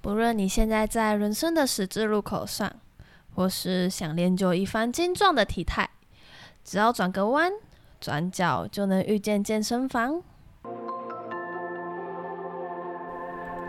不論你現在在人生的十字路口上，或是想練就一番精壯的體態，只要轉個彎，轉角就能遇見健身房。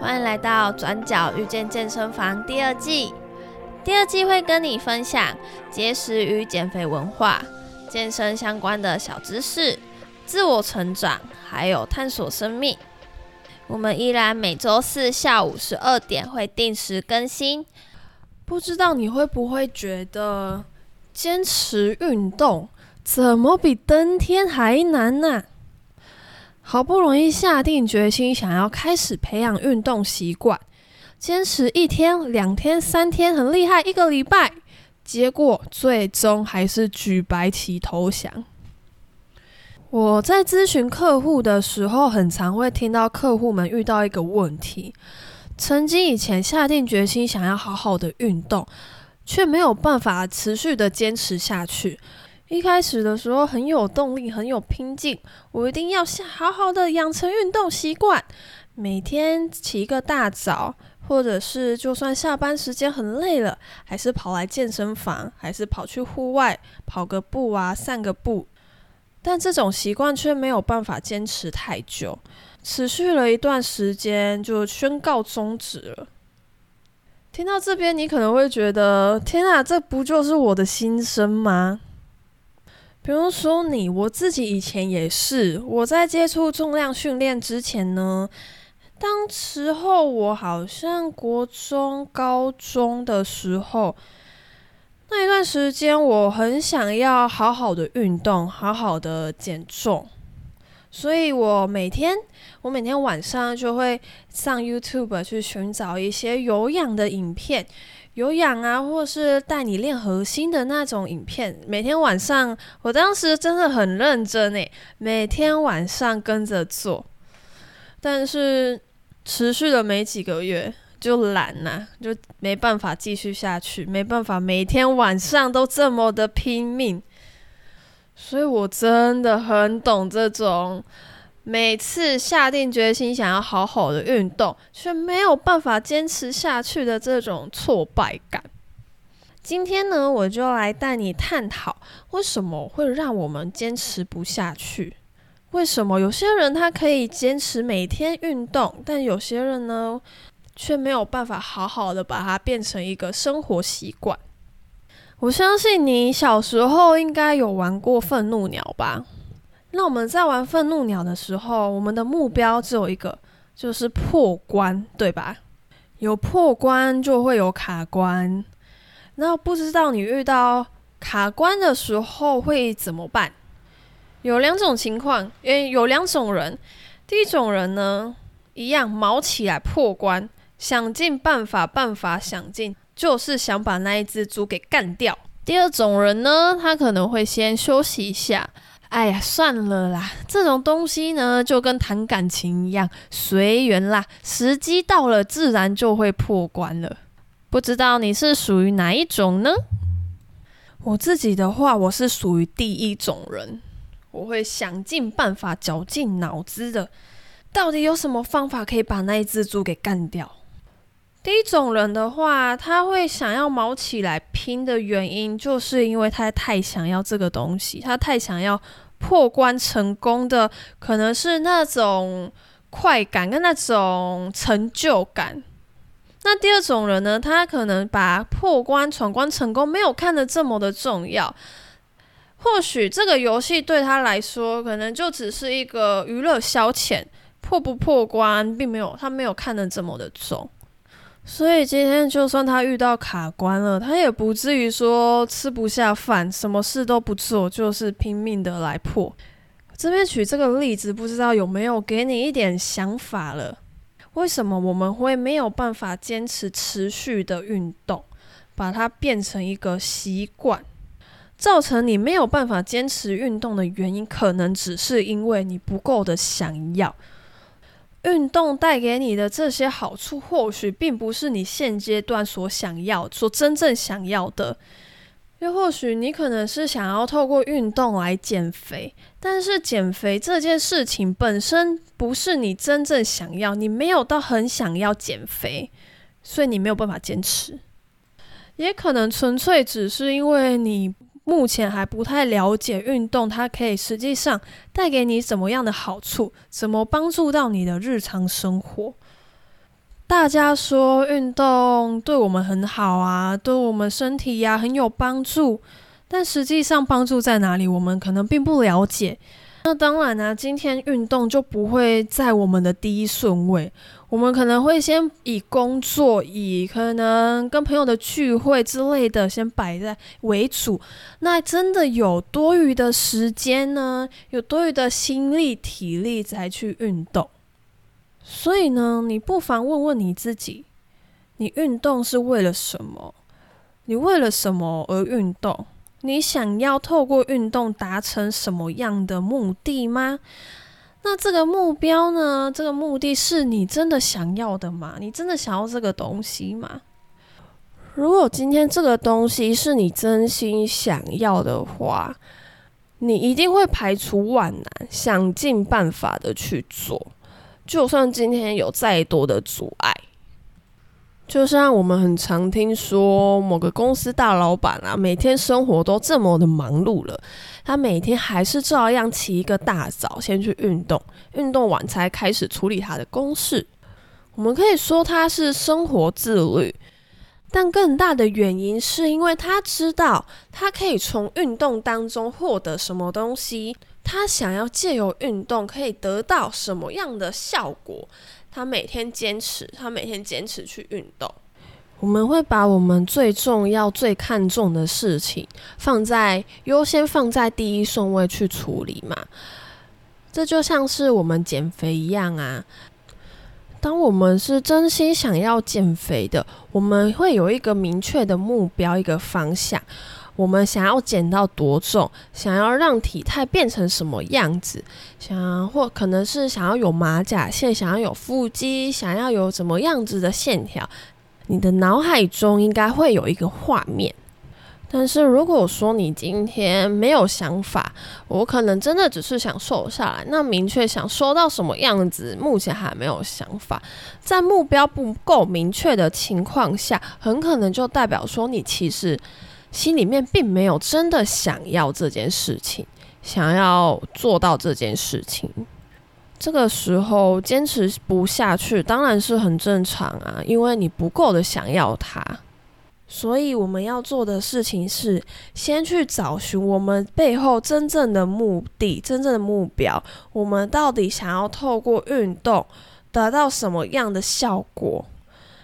歡迎來到《轉角遇見健身房》第二季。第二季會跟你分享節食與減肥文化、健身相關的小知識、自我成長，還有探索生命。我們依然每周四下午十二點會定時更新。不知道你會不會覺得，堅持運動怎麼比登天還難呢、啊？好不容易下定決心想要開始培養運動習慣，堅持一天、兩天、三天很厲害，一個禮拜，結果最終還是舉白旗投降。我在諮詢客戶的時候，很常會聽到客戶們遇到一個問題：曾經以前下定決心想要好好的運動，卻沒有辦法持續的堅持下去。一開始的時候很有動力，很有拼勁，我一定要先好好的養成運動習慣，每天起一個大早，或者是就算下班時間很累了，還是跑來健身房，還是跑去戶外，跑個步啊，散個步。但這種習慣卻沒有辦法堅持太久，持續了一段時間就宣告終止了。聽到這邊，你可能會覺得：天啊，這不就是我的心聲嗎？比如說你，我自己以前也是。我在接觸重量訓練之前呢，當時候我好像國中、高中的時候。那一段時間，我很想要好好的運動，好好的減重，所以我每天，我每天晚上就會上 YouTube 去尋找一些有氧的影片，有氧啊，或是帶你練核心的那種影片。每天晚上，我當時真的很認真欸，每天晚上跟着做，但是持續了沒幾個月。就懶吶、啊，就沒辦法繼續下去，沒辦法每天晚上都這麼的拼命，所以我真的很懂這種每次下定決心想要好好的運動，卻沒有辦法堅持下去的這種挫敗感。今天呢，我就來帶你探討為什麼會讓我們堅持不下去？為什麼有些人他可以堅持每天運動，但有些人呢？卻沒有辦法好好的把它變成一個生活習慣。我相信你小時候應該有玩過憤怒鳥吧？那我們在玩憤怒鳥的時候，我們的目標只有一個，就是破關，對吧？有破關就會有卡關，那不知道你遇到卡關的時候會怎麼辦？有兩種情況，誒，有兩種人。第一種人呢，一樣卯起來破關。想盡辦法，辦法想盡，就是想把那一只豬給幹掉。第二種人呢，他可能會先休息一下。哎呀，算了啦，這種東西呢，就跟談感情一樣，隨緣啦。時機到了，自然就會破關了。不知道你是屬於哪一種呢？我自己的話，我是屬於第一種人，我會想盡辦法，絞盡腦汁的，到底有什麼方法可以把那一只豬給幹掉。第一種人的話，他會想要毛起來拼的原因，就是因為他太想要這個東西，他太想要破關成功的，可能是那種快感跟那種成就感。那第二種人呢，他可能把破關闖關成功沒有看得這麼的重要，或許這個遊戲對他來說，可能就只是一個娛樂消遣，破不破關並沒有，他沒有看得這麼的重。所以今天就算他遇到卡關了，他也不至於說吃不下飯、什麼事都不做，就是拼命的來破。這邊舉這個例子，不知道有沒有給你一點想法了？為什麼我們會沒有辦法堅持持續的運動，把它變成一個習慣？造成你沒有辦法堅持運動的原因，可能只是因為你不夠的想要。運動帶給你的這些好處，或許並不是你現階段所想要、所真正想要的。又或許你可能是想要透過運動來減肥，但是減肥這件事情本身不是你真正想要，你沒有到很想要減肥，所以你沒有辦法堅持。也可能純粹只是因為你。目前還不太了解運動，它可以實際上帶給你怎麼樣的好處？怎麼幫助到你的日常生活？大家說運動對我們很好啊，對我們身體呀很有幫助，但實際上幫助在哪裡，我們可能並不了解。那當然呢、啊，今天運動就不會在我們的第一順位，我們可能會先以工作、以可能跟朋友的聚會之類的先擺在為主。那真的有多餘的時間呢？有多餘的心力、體力才去運動。所以呢，你不妨問問你自己，你運動是為了什麼？你為了什麼而運動？你想要透過運動達成什麼樣的目的嗎？那這個目標呢？這個目的是你真的想要的嗎？你真的想要這個東西嗎？如果今天這個東西是你真心想要的話，你一定會排除萬難，想盡辦法的去做，就算今天有再多的阻礙。就像我們很常聽說某個公司大老板啊，每天生活都這麼的忙碌了，他每天還是照樣起一個大早，先去運動，運動完才開始處理他的公事。我們可以說他是生活自律，但更大的原因是因為他知道他可以從運動當中獲得什麼東西，他想要借由運動可以得到什麼樣的效果。他每天堅持，他每天堅持去運動。我們會把我們最重要、最看重的事情放在優先，放在第一順位去處理嘛。這就像是我們減肥一樣啊。當我們是真心想要減肥的，我們會有一個明確的目標，一個方向。我們想要減到多重，想要讓體態變成什麼樣子，想要或可能是想要有馬甲線，想要有腹肌，想要有什麼樣子的線條。你的腦海中應該會有一個畫面。但是如果說你今天沒有想法，我可能真的只是想瘦下來。那明確想瘦到什麼樣子，目前還沒有想法。在目標不夠明確的情況下，很可能就代表說你其實心裡面並沒有真的想要這件事情，想要做到這件事情。這個時候堅持不下去，當然是很正常啊，因為你不夠的想要它。所以我們要做的事情是，先去找尋我們背後真正的目的、真正的目標。我們到底想要透過運動得到什麼樣的效果？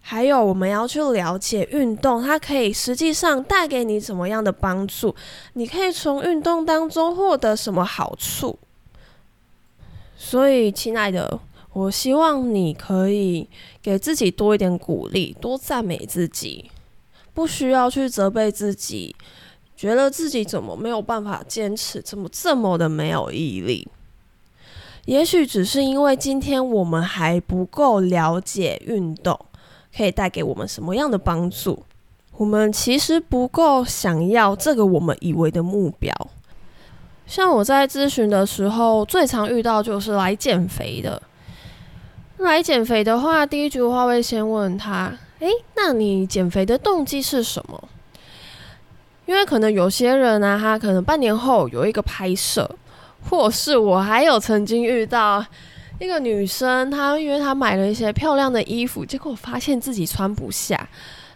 還有，我們要去了解運動，它可以實際上帶給你什麼樣的幫助？你可以從運動當中獲得什麼好處？所以，親愛的，我希望你可以給自己多一點鼓勵，多讚美自己。不需要去責備自己，覺得自己怎麼沒有辦法堅持，怎麼這麼的沒有毅力？也許只是因為今天我們還不夠了解運動，可以帶給我們什麼樣的幫助，我們其實不夠想要這個我們以為的目標。像我在諮詢的時候，最常遇到就是來減肥的。來減肥的話，第一句話會先問他。誒，那你減肥的動機是什麼？因為可能有些人呢、啊，他可能半年後有一個拍攝，或是我還有曾經遇到一個女生，她因為她買了一些漂亮的衣服，結果我發現自己穿不下，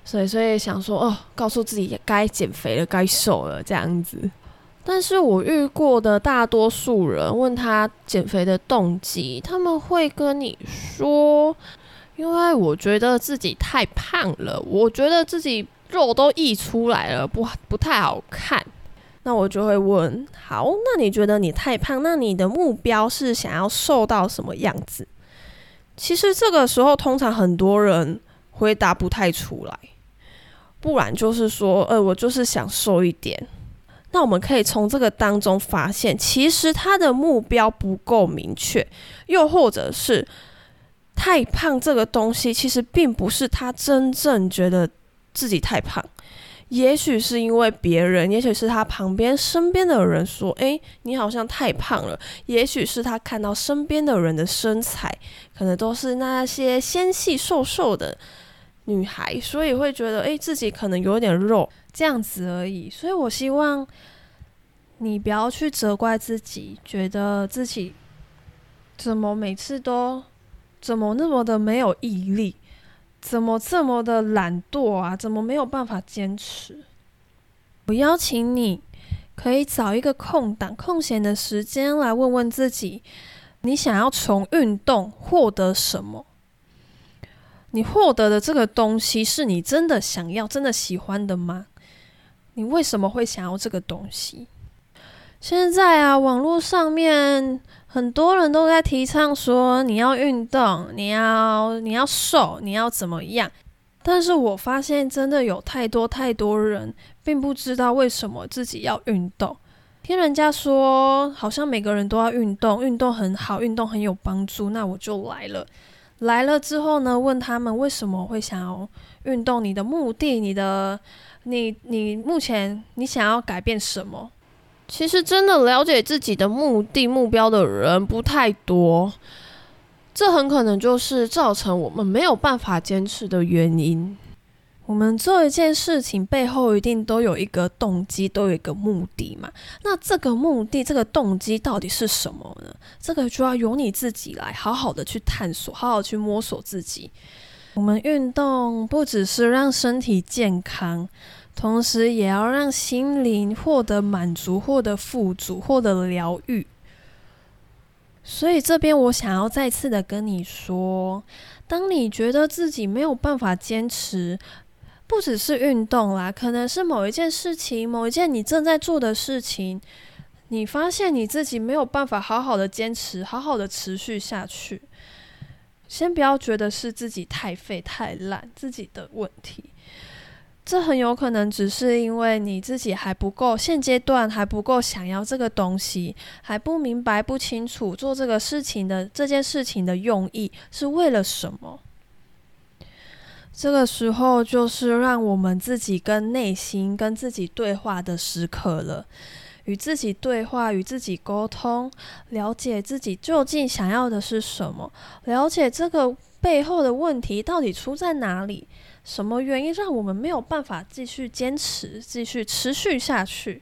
所以所以想說哦，告訴自己該減肥了，該瘦了這樣子。但是我遇過的大多數人問她減肥的動機，他們會跟你說。因為我覺得自己太胖了，我覺得自己肉都溢出來了，不不太好看。那我就會問：好，那你覺得你太胖，那你的目標是想要瘦到什麼樣子？其實這個時候，通常很多人回答不太出來，不然就是說：呃，我就是想瘦一點。那我們可以從這個當中發現，其實他的目標不夠明確，又或者是，太胖這個東西，其實並不是他真正覺得自己太胖，也許是因為別人，也許是他旁邊、身邊的人說：“欸，你好像太胖了。”也許是他看到身邊的人的身材，可能都是那些纖細、瘦瘦的女孩，所以會覺得：“欸，自己可能有點肉，這樣子而已。”所以，我希望你不要去責怪自己，覺得自己怎麼每次都。怎麼那麼的沒有毅力？怎麼這麼的懶惰啊？怎麼沒有辦法堅持？我邀請你，可以找一個空檔、空閒的時間來問問自己：你想要從運動獲得什麼？你獲得的這個東西是你真的想要、真的喜歡的嗎？你為什麼會想要這個東西？現在啊，網絡上面。很多人都在提倡說你要運動，你要你要瘦，你要怎麼樣？但是我發現真的有太多太多人並不知道為什麼自己要運動。聽人家說，好像每個人都要運動，運動很好，運動很有幫助。那我就來了，來了之後呢，問他們為什麼會想要運動？你的目的，你的你你目前你想要改變什麼？其實，真的了解自己的目的、目標的人不太多，這很可能就是造成我們沒有辦法堅持的原因。我們做一件事情背後，一定都有一個動機，都有一個目的嘛。那這個目的、這個動機到底是什麼呢？這個就要由你自己來好好的去探索，好好的去摸索自己。我們運動不只是讓身體健康。同時，也要讓心靈獲得滿足、獲得富足、獲得療癒。所以，這邊我想要再次的跟你說，當你覺得自己沒有辦法堅持，不只是運動啦，可能是某一件事情、某一件你正在做的事情，你發現你自己沒有辦法好好的堅持、好好的持續下去，先不要覺得是自己太廢、太懶，自己的問題。這很有可能只是因為你自己還不夠，現階段還不夠想要這個東西，還不明白、不清楚做這個事情的這件事情的用意是為了什麼。這個時候就是讓我們自己跟內心、跟自己對話的時刻了，與自己對話、與自己溝通，了解自己究竟想要的是什麼，了解這個背後的問題到底出在哪裡。什麼原因讓我們沒有辦法繼續堅持、繼續持續下去？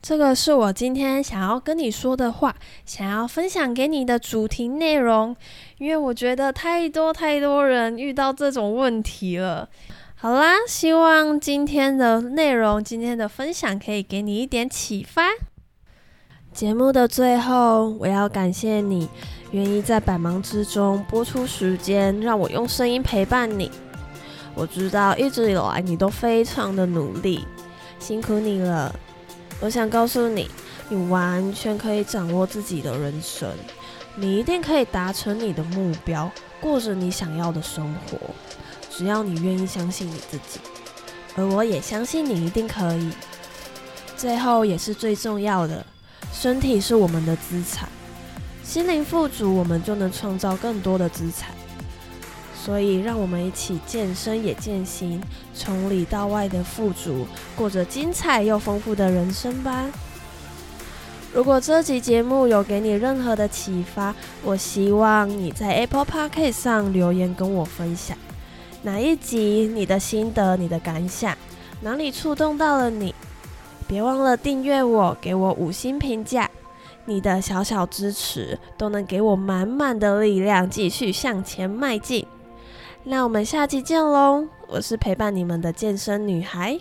這個是我今天想要跟你說的話，想要分享給你的主題內容。因為我覺得太多太多人遇到這種問題了。好啦，希望今天的內容、今天的分享可以給你一點啟發。節目的最後，我要感謝你願意在百忙之中撥出時間，讓我用聲音陪伴你。我知道一直以來你都非常的努力，辛苦你了。我想告訴你，你完全可以掌握自己的人生，你一定可以達成你的目標，過着你想要的生活。只要你願意相信你自己，而我也相信你一定可以。最後也是最重要的，身體是我們的資產，心靈富足，我們就能創造更多的資產。所以，讓我們一起健身也健心，從裡到外的富足，過着精彩又豐富的人生吧。如果這集節目有給你任何的啟發，我希望你在 Apple Podcast 上留言跟我分享哪一集你的心得、你的感想，哪裡觸動到了你。別忘了訂閱我，給我五星評價。你的小小支持都能給我滿滿的力量，繼續向前邁進。那我們下期見嘍！我是陪伴你們的健身女孩。